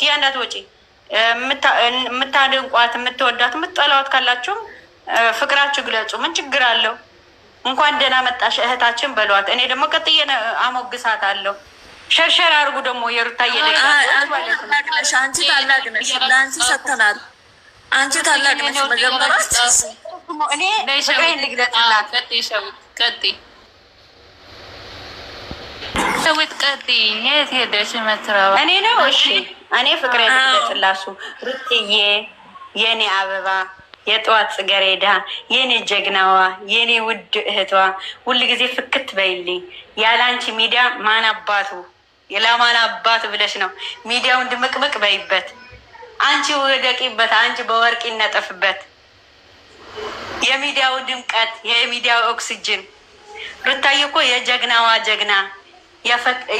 ኪያ ወጪ የምታደንቋት የምትወዳት የምትጠላዋት ካላችሁም ፍቅራችሁ ግለጹ። ምን ችግር አለው? እንኳን ደህና መጣሽ እህታችን በለዋት። እኔ ደግሞ ቀጥዬ አሞግሳት አለው። ሸርሸር አድርጉ ደግሞ የሩታ እየደቅለሽ አንቺ ታላቅ ነሽ፣ ለአንቺ ሰጥተናል። አንቺ ታላቅ ነሽ። መጀመሪያ እኔ ፍቅሬን ልግለጽላት። ሰዊት ቀጥይ፣ የት ሄደሽ? መትረባ እኔ ነው እሺ እኔ ፍቅር የለጥላሱ ሩትዬ የኔ አበባ የጠዋት ጽጌረዳ የኔ ጀግናዋ የኔ ውድ እህቷ ሁል ጊዜ ፍክት በይልኝ። ያለ አንቺ ሚዲያ ማን አባቱ ለማን አባቱ ብለሽ ነው ሚዲያውን ድምቅምቅ በይበት፣ አንቺ ውደቂበት፣ አንቺ በወርቅ ይነጠፍበት። የሚዲያው ድምቀት፣ የሚዲያው ኦክሲጅን። ሩታዬ እኮ የጀግናዋ ጀግና፣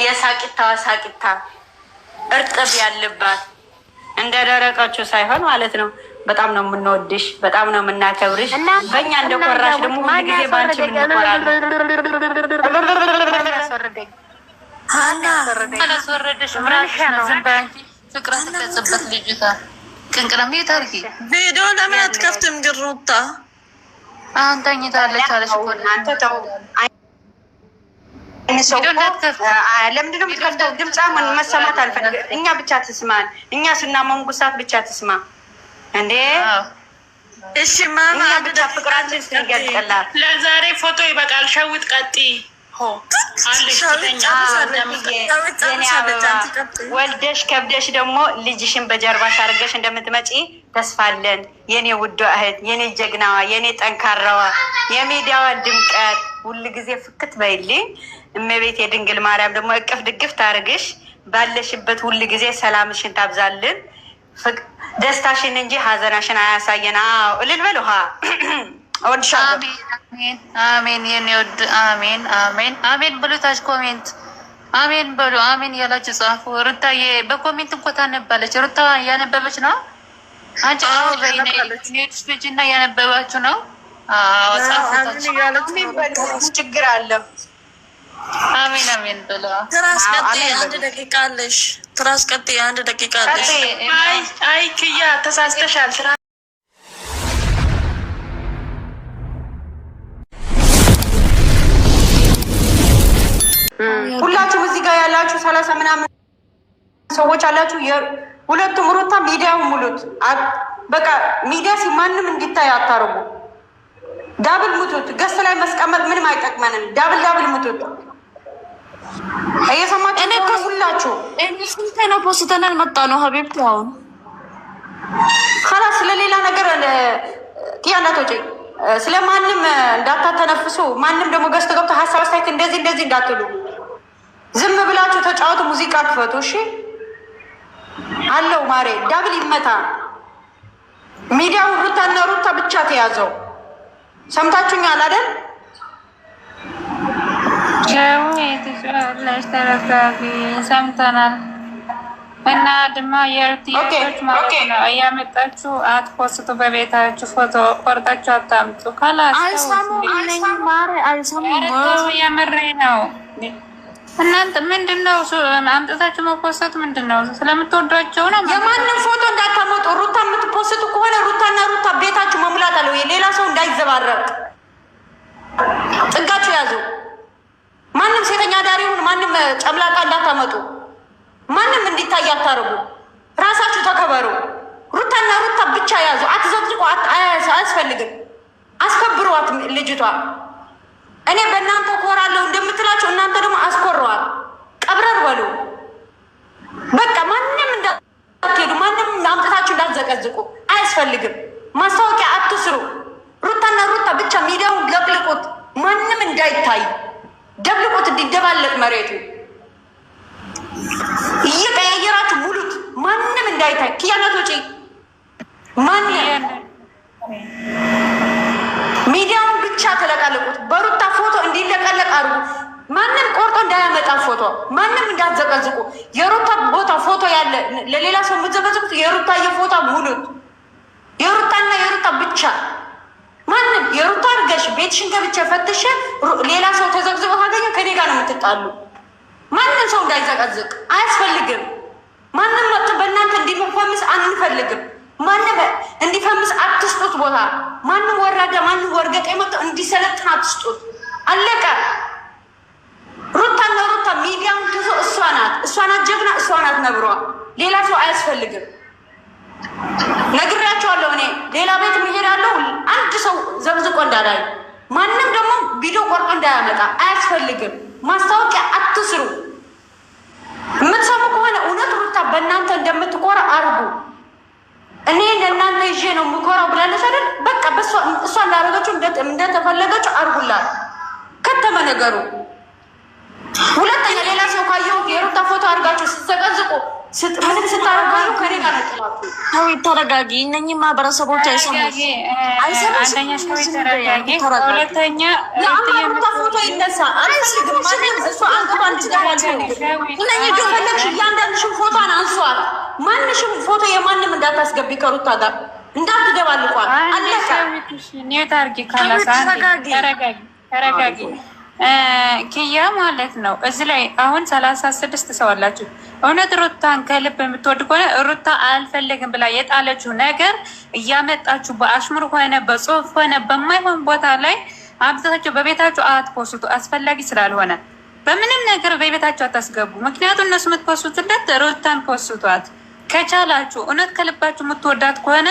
የሳቂታዋ ሳቂታ እርጥብ ያለባት እንደ ደረቃችሁ ሳይሆን ማለት ነው። በጣም ነው የምንወድሽ፣ በጣም ነው የምናከብርሽ። በእኛ እንደኮራሽ ደግሞ ሁልጊዜ በአንቺ በአንቺ ልጅታ ቪዲዮ ለምን አትከፍትም? ግሩታ አንተኝታለች አለች። ለምንድን ነው የምትከፍተው? ድምፃ መሰማት አልፈልግም። እኛ ብቻ ትስማን። እኛ ስናመን ጉሳት ብቻ ትስማ እንዴ። እሺ ማማ ብቻ ፍቅራችን ስንገልጠላት ለዛሬ ፎቶ ይበቃል። ሸውት ቀጢ ወልደሽ ከብደሽ ደግሞ ልጅሽን በጀርባሽ አድርገሽ እንደምትመጪ ተስፋለን። የኔ ውዷ እህት፣ የኔ ጀግናዋ፣ የኔ ጠንካራዋ፣ የሚዲያዋ ድምቀት ሁልጊዜ ፍክት በይልኝ። እመቤት የድንግል ማርያም ደግሞ እቅፍ ድግፍ ታርግሽ፣ ባለሽበት ሁል ጊዜ ሰላምሽን ታብዛልን፣ ደስታሽን እንጂ ሀዘናሽን አያሳየን። አዎ እልል በል ውሃ አሜን የኔ ወድ አሜን አሜን አሜን ብሉታች ኮሜንት አሜን በሉ አሜን እያላችሁ ጻፉ። ሩታ በኮሜንት እንኳ ታነባለች። ሩታ እያነበበች ነው። አንቺ ሌሎች ልጅ እና እያነበባችሁ ነው። ጻፉ ችግር አለው አሜን አሜን ብሎ ትራስ ቀጤ አንድ ደቂቃ አለሽ። ትራስ ቀጤ አንድ ደቂቃ አለሽ። አይ አይ ክያ ተሳስተሻል። ሁላችሁ እዚህ ጋር ያላችሁ ሰላሳ ምናምን ሰዎች አላችሁ። ሁለቱም ሩታ ሚዲያ ሙሉት። በቃ ሚዲያ ማንም እንዲታይ አታርጉ። ዳብል ሙቱት ገስ ላይ መስቀመጥ ምንም አይጠቅመንም። ዳብል ዳብል ሙቱት። እየሰማችሁ እኔ እኮ ሁላችሁ ስንት ነው ፖስተናል መጣ ነው ሀቢብ አሁን ከላስ ስለሌላ ነገር ጥያ ስለ ማንም እንዳታተነፍሱ። ማንም ደግሞ ገዝቶ ገብቶ ሀሳብ አስተያየት እንደዚህ እንደዚህ እንዳትሉ። ዝም ብላችሁ ተጫወቱ፣ ሙዚቃ ክፈቱ። እሺ አለው ማሬ ዳብል ይመታ። ሚዲያው ሩታና ሩታ ብቻ ተያዘው። ሰምታችሁኛል አይደል? ሰምተናል። እና ድማ የእርትዎች ማለት ነው እያመጣችሁ አትፖስቱ፣ በቤታችሁ ፎቶ ቆርጣችሁ አታምጡ። ካላስ የምሬ ነው። እናንተ ምንድን ነው አምጥታችሁ መፖሰት ምንድን ነው? ስለምትወዷቸው ነው። የማንም ፎቶ እንዳታመጡ። ሩታ የምትፖስቱ ከሆነ ሩታና ሩታ ቤታችሁ መሙላት አለው። ሌላ ሰው እንዳይዘባረቅ ጥጋችሁ ያዙ። ማንም ሴተኛ ዳሪውን ማንም ጨምላቃ እንዳታመጡ። ማንም እንዲታይ አታርጉ። ራሳችሁ ተከበሩ። ሩታና ሩታ ብቻ ያዙ። አትዘቅዝቁ። አያስፈልግም። አስከብሯት ልጅቷ እኔ በእናንተ ኮራለሁ እንደምትላቸው እናንተ ደግሞ አስኮረዋል። ቀብረር በሉ በቃ። ማንም እንዳትሄዱ፣ ማንም አምጥታችሁ እንዳትዘቀዝቁ አያስፈልግም። ማስታወቂያ አትስሩ። ሩታና ሩታ ብቻ ሚዲያውን ለቅልቁት፣ ማንም እንዳይታይ ደብልቁት፣ እንዲደባለቅ መሬቱ እየቀያየራችሁ ሙሉት፣ ማንም እንዳይታይ። ክያነት ውጪ ማን ሚዲያውን ብቻ ተለቃለቁት በሩታ እንዲለቀለቅ አድርጉ። ማንም ቆርጦ እንዳያመጣ ፎቶ ማንም እንዳትዘቀዝቁ። የሩታ ቦታ ፎቶ ያለ ለሌላ ሰው የምትዘቀዝቁት የሩታ የፎታ ሙሉት የሩታና የሩታ ብቻ ማንም የሩታ አድርገሽ ቤትሽን ከብቻ ፈትሸ ሌላ ሰው ተዘቅዝቆ ካገኘ ከኔ ጋር ነው የምትጣሉ። ማንም ሰው እንዳይዘቀዝቅ አያስፈልግም። ማንም መጥቶ በእናንተ እንዲፈምስ አንፈልግም። ማንም እንዲፈምስ አትስጡት ቦታ። ማንም ወራዳ፣ ማንም ወርገጤ መጥቶ እንዲሰለጥን አትስጡት። አለቀ። ሩታና ሩታ ሚዲያም ትቶ እሷ ናት እሷ ናት ጀግና፣ እሷ ናት ነብሯ። ሌላ ሰው አያስፈልግም። ነግሬያቸዋለሁ። እኔ ሌላ ቤት መሄድ አንድ ሰው ዘብዝቆ እንዳላይ፣ ማንም ደግሞ ቪዲዮ ቆርጦ እንዳያመጣ አያስፈልግም። ማስታወቂያ አትስሩ። የምትሰሙ ከሆነ እውነት ሩታ በእናንተ እንደምትኮራ አርጉ። እኔ ለእናንተ ይዤ ነው የምኮራው ብላለች አይደል? በቃ እሷ እንዳረገችው እንደተፈለገችው አርጉላት። ከተመ ነገሩ። ሁለተኛ ሌላ ሰው ካየው የሩታ ፎቶ አድርጋችሁ ስትዘቀዝቁ ምንም ስታረጋሉ ከኔ ጋር ነጥላችሁ ሰው ይተረጋጊ። እነኚህ ማህበረሰቦች አንሷል። ማንሽም ፎቶ የማንም እንዳታስገቢ ከሩታ ጋር እንዳትገባልኳል። አለቃ ተረጋጊ። ተረጋጊ ኪያ ማለት ነው። እዚህ ላይ አሁን ሰላሳ ስድስት ሰው አላችሁ። እውነት ሩታን ከልብ የምትወድ ከሆነ ሩታ አልፈልግም ብላ የጣለችው ነገር እያመጣችሁ በአሽሙር ሆነ በጽሁፍ ሆነ በማይሆን ቦታ ላይ አብዛቸው በቤታችሁ አትፖስቱ፣ አስፈላጊ ስላልሆነ በምንም ነገር በቤታችሁ አታስገቡ። ምክንያቱም እነሱ የምትፖስቱለት ሩታን ፖስቷት ከቻላችሁ እውነት ከልባችሁ የምትወዳት ከሆነ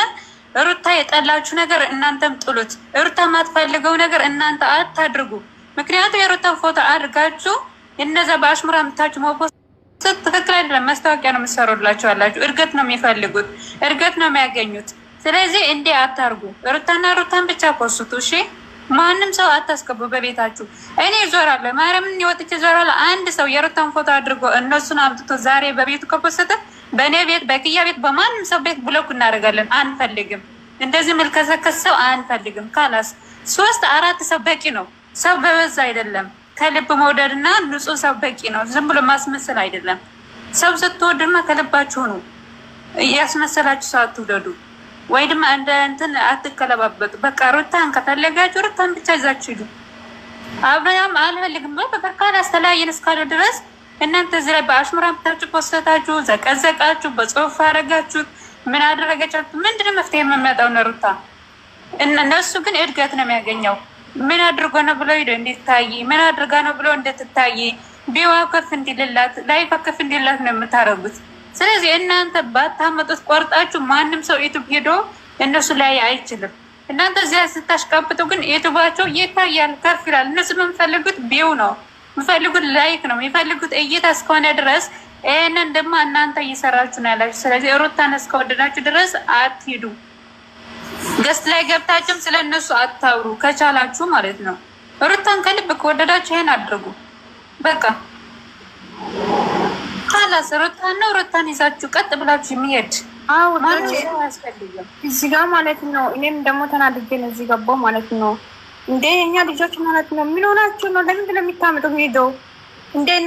ሩታ የጠላችሁ ነገር እናንተም ጥሉት። ሩታ ማትፈልገው ነገር እናንተ አታድርጉ። ምክንያቱም የሩታ ፎቶ አድርጋችሁ እነዛ በአሽሙራ ምታችሁ መቦስ ትክክል አይደለም። መስታወቂያ ነው የምትሰሩላቸው አላችሁ። እድገት ነው የሚፈልጉት፣ እድገት ነው የሚያገኙት። ስለዚህ እንዲህ አታርጉ። ሩታና ሩታን ብቻ ኮስቱ። እሺ ማንም ሰው አታስገቡ በቤታችሁ። እኔ ዞራለሁ፣ ማርያምን ወጥቼ ዞራለሁ። አንድ ሰው የሩታን ፎቶ አድርጎ እነሱን አምጥቶ ዛሬ በቤቱ ከፖስተ በእኔ ቤት በክያ ቤት በማንም ሰው ቤት ብሎክ እናደርጋለን። አንፈልግም፣ እንደዚህ መልከሰከስ ሰው አንፈልግም። ካላስ ሶስት አራት ሰው በቂ ነው። ሰው በበዛ አይደለም። ከልብ መውደድና እና ንጹህ ሰው በቂ ነው። ዝም ብሎ ማስመሰል አይደለም። ሰው ስትወድ ድማ ከልባችሁ ነው። እያስመሰላችሁ ሰው አትውደዱ፣ ወይ ድማ እንደ እንትን አትከለባበጡ። በቃ ሩታን ከፈለጋችሁ ሩታን ብቻ ይዛችሁ ሂዱ። አብርሃም አልፈልግም በቃ ካላስ ተለያየን እስካሉ ድረስ እናንተ እዚህ ላይ በአሽሙራ ምታችሁ ፖስተታችሁ፣ ዘቀዘቃችሁ፣ በጽሁፍ አደረጋችሁት፣ ምን አደረገቻችሁ? ምንድን መፍትሄ የምመጣው ነሩታ? እነሱ ግን እድገት ነው የሚያገኘው። ምን አድርጎ ነው ብሎ እንዲታይ፣ ምን አድርጋ ነው ብሎ እንድትታይ፣ ቢዋ ከፍ እንዲልላት፣ ላይፍ ከፍ እንዲላት ነው የምታደርጉት። ስለዚህ እናንተ ባታመጡት ቆርጣችሁ፣ ማንም ሰው ዩቱብ ሄዶ እነሱ ላይ አይችልም። እናንተ እዚያ ስታሽቃብጡ ግን ዩቱባቸው ይታያል፣ ከፍ ይላል። እነሱ የምንፈልጉት ቢው ነው የሚፈልጉት ላይክ ነው የሚፈልጉት እይታ እስከሆነ ድረስ ይህንን ደግሞ እናንተ እየሰራችሁ ነው ያላችሁ። ስለዚህ ሩታን እስከወደዳችሁ ድረስ አትሂዱ። ገስት ላይ ገብታችሁም ስለ እነሱ አታውሩ፣ ከቻላችሁ ማለት ነው። ሩታን ከልብ ከወደዳችሁ ይሄን አድርጉ። በቃ ካላስ ሩታን ነው ሩታን ይዛችሁ ቀጥ ብላችሁ የሚሄድ አዎ፣ እዚህ ጋር ማለት ነው። እኔም ደግሞ ተናድጄ ነው እዚህ ገባሁ ማለት ነው። እንዴ እኛ ልጆች ማለት ነው። ምን ነው? ለምንድን ነው የሚታምጡ? ሄዶ እንዴ